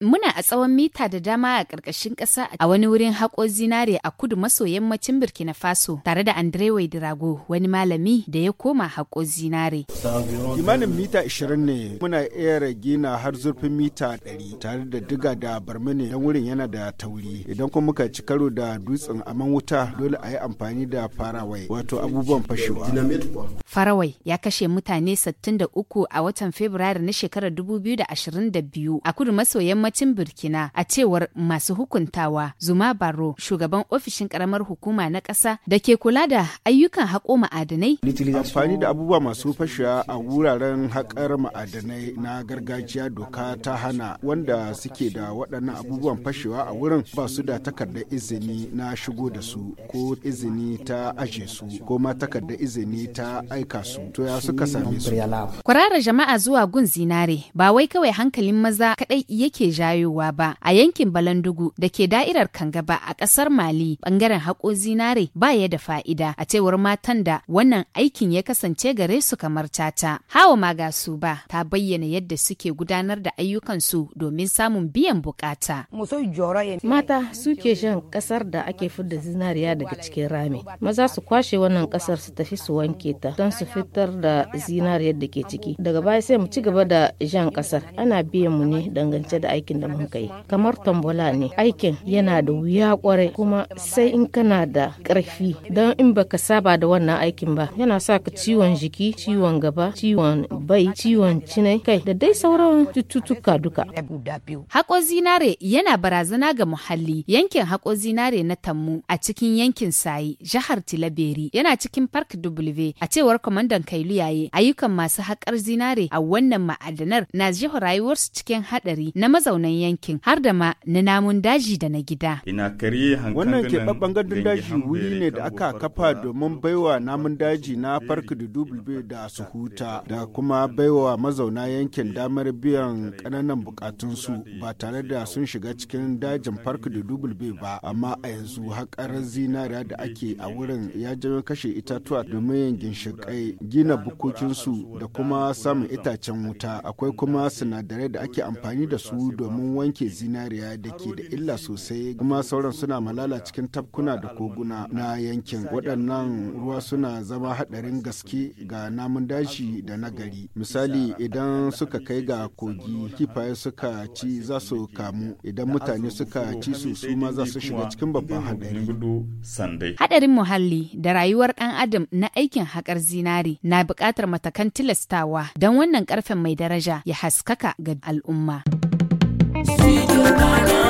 Muna a tsawon mita da dama a ƙarƙashin ƙasa a wani wurin haƙo zinare a kudu maso yammacin Burkina Faso tare da Andre Waidirago wani malami da ya koma haƙo zinare. Kimanin mita 20 ne muna iya gina har zurfin mita 100 tare da diga da barmane don wurin yana da tauri. Idan kuma muka ci karo da dutsen aman wuta dole a yi amfani da farawai wato abubuwan fashewa. Farawai ya kashe mutane 63 a watan Fabrairu na shekarar 2022 a kudu maso yammacin yammacin Burkina a cewar masu hukuntawa Zuma Baro shugaban ofishin karamar hukuma na ƙasa da ke kula da ayyukan haƙo ma'adanai. Amfani da abubuwa masu fashewa a wuraren haƙar ma'adanai na gargajiya doka ta hana wanda suke da waɗannan abubuwan fashewa a wurin ba su da takardar izini na shigo da su ko izini ta aje su ko ma takardar izini ta aika su to ya suka same su. Kwarara jama'a zuwa gun zinare ba wai kawai hankalin maza kaɗai yake jayowa ba a yankin Balandugu da ke da'irar Kangaba a ƙasar Mali bangaren haƙo zinare ba ya da fa'ida a cewar matan da wannan aikin ya kasance gare su kamar cata Hawa su ba ta bayyana yadda suke gudanar da ayyukansu domin samun biyan bukata. Mata suke shan ƙasar da ake fidda zinariya daga cikin rami. Maza su kwashe wannan ƙasar su tafi su wanke ta don su fitar da zinariyar da ke ciki. Daga baya sai mu ci gaba da jan ƙasar. Ana biyan mu ne dangance da aiki aikin da muka yi kamar tambola ne aikin yana da wuya kwarai kuma sai in kana da ƙarfi. don in baka saba da wannan aikin ba yana sa ka ciwon jiki ciwon gaba ciwon bai ciwon cinai kai da dai sauran cututtuka duka hako zinare yana barazana ga muhalli yankin hako zinare na tammu a cikin yankin sayi jihar tilaberi yana cikin park w a cewar kwamandan kailu yaye ayyukan masu haƙar zinare a wannan ma'adanar na jihar rayuwarsu cikin haɗari na mazauna mazaunan yankin har da ma na namun daji da na gida. Wannan keɓaɓɓen gandun daji wuri ne da aka kafa domin baiwa namun daji na farki da Dubulbe da su huta da kuma baiwa mazauna yankin damar biyan ƙananan buƙatunsu ba tare da sun shiga cikin dajin farki da Dubulbe ba amma a yanzu haƙar zinariya da ake a wurin ya jami kashe itatuwa domin yin ginshiƙai gina bukukinsu da kuma samun itacen wuta akwai kuma sinadarai da ake amfani da su domin domin wanke zinariya da ke da illa sosai kuma sauran suna malala cikin tabkuna da koguna na yankin waɗannan ruwa suna zama haɗarin gaske ga namun daji da nagari misali idan suka kai ga kogi kifaye suka ci za su kamu idan mutane suka ci su su ma za su shiga cikin babban haɗari haɗarin muhalli da rayuwar ɗan adam na aikin haƙar zinari na buƙatar matakan tilastawa don wannan ƙarfen mai daraja ya haskaka ga al'umma. you're mind.